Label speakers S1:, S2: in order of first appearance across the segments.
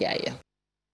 S1: jaay ya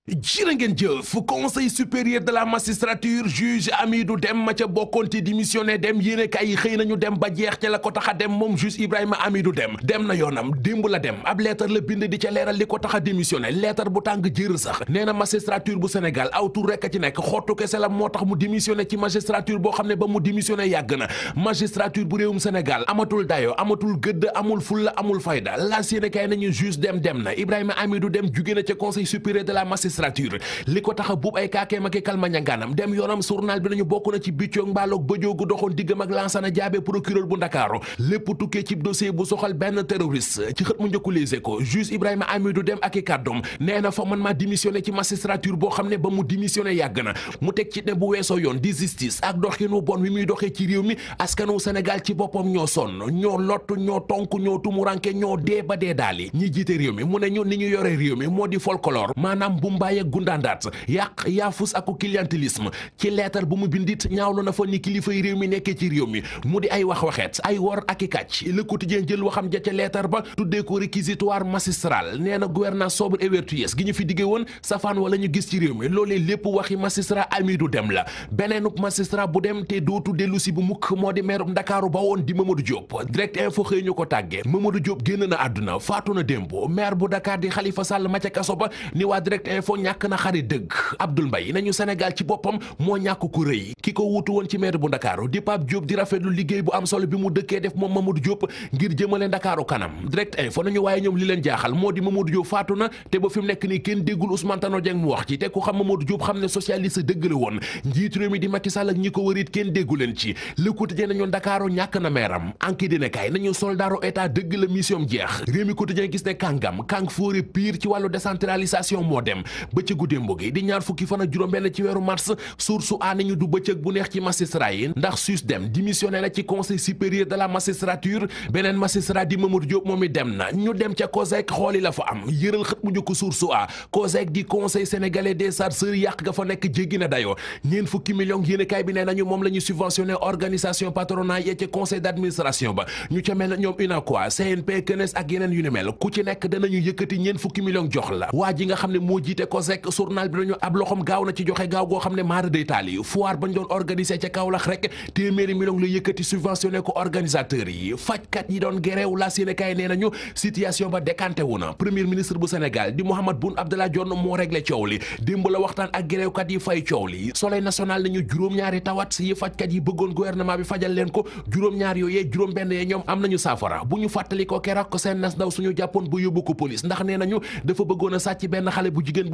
S1: jërë ngeen jëf conseil supérieur de la magistrature juge Amidou Dème ma ca bokkoon te démissionné dem yéene kay yi xëy nañu dem ba jeex ca la ko tax a dem moom juge Ibrahima ami Dème dem dem na yoonam démb la dem ab lettre la bind di ca leeral li ko tax a démissionné lettre bu tàng jër sax nee na magistrature bu Sénégal aw tur rekk ci nekk xottu kese la moo tax mu démissionné ci magistrature boo xam ne ba mu démissionné yàgg na magistrature bu réewum Sénégal amatul dayo amatul gëdd amul fulla amul fayda laas yéene kay nañu juge Dème dem na Ibrahima Amidou Dème jugé na ca conseil la magistrature magistrature li ko tax a buub ay kaakeem ak kalmañangaanam dem yoonam journal bi nañu bokk na ci biccoog mbaaloog bëjoogu doxoon diggam ak Lansana Diabé procureur bu Ndakaaru lépp tukkee ci dossier bu soxal benn terroriste ci xët mu njëkku Les Échos juge Ibrahima Amidou Dem ak i kàddoom nee na fa man maa démissionné ci magistrature boo xam ne ba mu démissionné yàgg na mu teg ci ne bu weesoo yoon di justice ak doxinu bon wi muy doxee ci réew mi askanu Sénégal ci ba dee daali ñi jiite réew mi mu ne ñu ni ñu yore réew mi moo di folklore maanaam bumba mbaay ak gundaandaat yàq yaafus ak clientélisme ci leetar bu mu bindit ñaawlu na fa ni kilifay réew mi nekkee ci réew mi mu di ay wax waxeet ay wor ak i kàcc Le Quotidien jël waxam ja ca leetar ba tuddee ko réquisitoire magistral nee na gouvernance sobre et vertueuse gi ñu fi diggee woon safaan wala ñu gis ci réew mi loolee lépp waxi magistrat ami du dem la beneenub magistrat bu dem te dootu dellu si bu mukk moo di meerub ndakaaru ba woon di Mamadou Diop direct info xëy ñu ko tàggee Mamadou Diop génn na àdduna faatu na démb maire bu Dakar di ma ca kaso ba moo ñàkk na xarit dëgg Abdoul Mbaye nañu senegal ci boppam moo ñàkk ku rëy ki ko wuutu woon ci maire bu Ndakaaru di Pape Diop di rafetlu liggéey bu am solo bi mu dëkkee def moom Mamadou Diop ngir jëmale Ndakaaru kanam direct info nañu waaye ñoom li leen jaaxal moo di Mamadou Diop faatu na te ba fi mu nekk nii kenn déggul Ousmane Tanor Dieng mu wax ci te ku xam Mamadou Diop xam ne socialiste dëgg la woon njiitu réew mi di Macky Sall ak ñi ko wërit kenn déggu leen ci l Quotidien nañu ñàkk na meeram anki dina kay nañu soldaaru état dëgg la mission jeex réew mi Quotidien gis ne kàngam kàng fóore pire ci wàllu décentralisation moo dem bëccëgu démb gi di ñaar fukki fan ak juróom-benn ci weeru mars source a nañu du bëccëg bu neex ci magistrat yi ndax SUTSDEM démissionné na ci conseil supérieur de la magistrature beneen magistrat di Mamadou Diop moom i dem na ñu dem ca COSEC xooli la fa am yëral xët bu njëkk source a COSEC di conseil sénégalais des chargeurs yàq ga fa nekk jéggi na dayoo ñeen fukki millions yéenekaay bi nee nañu moom la ñu organisation patronale Le Cosec journal bi nañu ab loxom gaaw na ci joxe gaaw goo xam ne maara day taali foire bañ doon organiser ca Kaolack rek téeméeri million la yëkkati subventionné ko organisateurs yi fajkat yi doon gereew la yéene kaay nee nañu situation ba décanté wu na premier ministre bu Sénégal di Mahammed Boun Abdallah Dionne moo réglé coow li démb la waxtaan ak gereewkat yi fay coow li soleil national nañu juróom-ñaari tawat yi fajkat yi bëggoon gouvernement bi fajal bu ñu fàttali ko keroog seen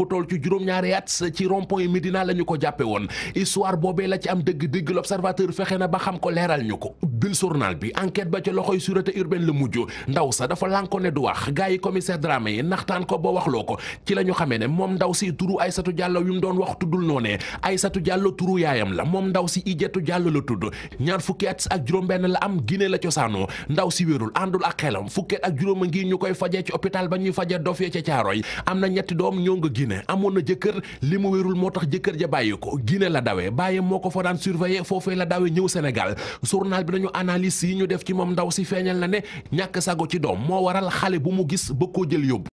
S1: bu toll ci juróom ñaar at ci rond-point Médina la ñu ko jàppe woon histoire boobee la ci am dëgg-dëgg l'observateur fexe na ba xam ko leeral ñu ko bil journal bi enquête ba ci loxoy sûreté urbaine la mujj ndaw sa dafa lànk ko ne du wax gars yi commissaire Dramé yi naxtaan ko ba ko ci la ñu ne moom ndaw si turu Aysatu Jàllo yu mu doon wax tuddul noonee Aysatu Jàllo turu yaayam la moom ndaw si Ijetu Jàllo la tudd ñaar fukki at ak juróom-benn la am Guinée la cosaanoo ndaw si wérul àndul ak xelam fukki at ak juróom a ngi ñu koy fajee ci hôpital ba ñuy fajee dof ya ca Caaroy am na ñetti doom ñoo nga Guinée Guinée amoon na jëkkër li mu wérul moo tax jëkkër ja bàyyi ko Guinée la dawee bàyyi moo ko fa daan surveiller foofee la dawe ñëw Sénégal journal bi nañu analyse yi ñu def ci moom ndaw si feeñal na ne ñàkk sago ci doom moo waral xale bu mu gis bëgg koo jël yóbbu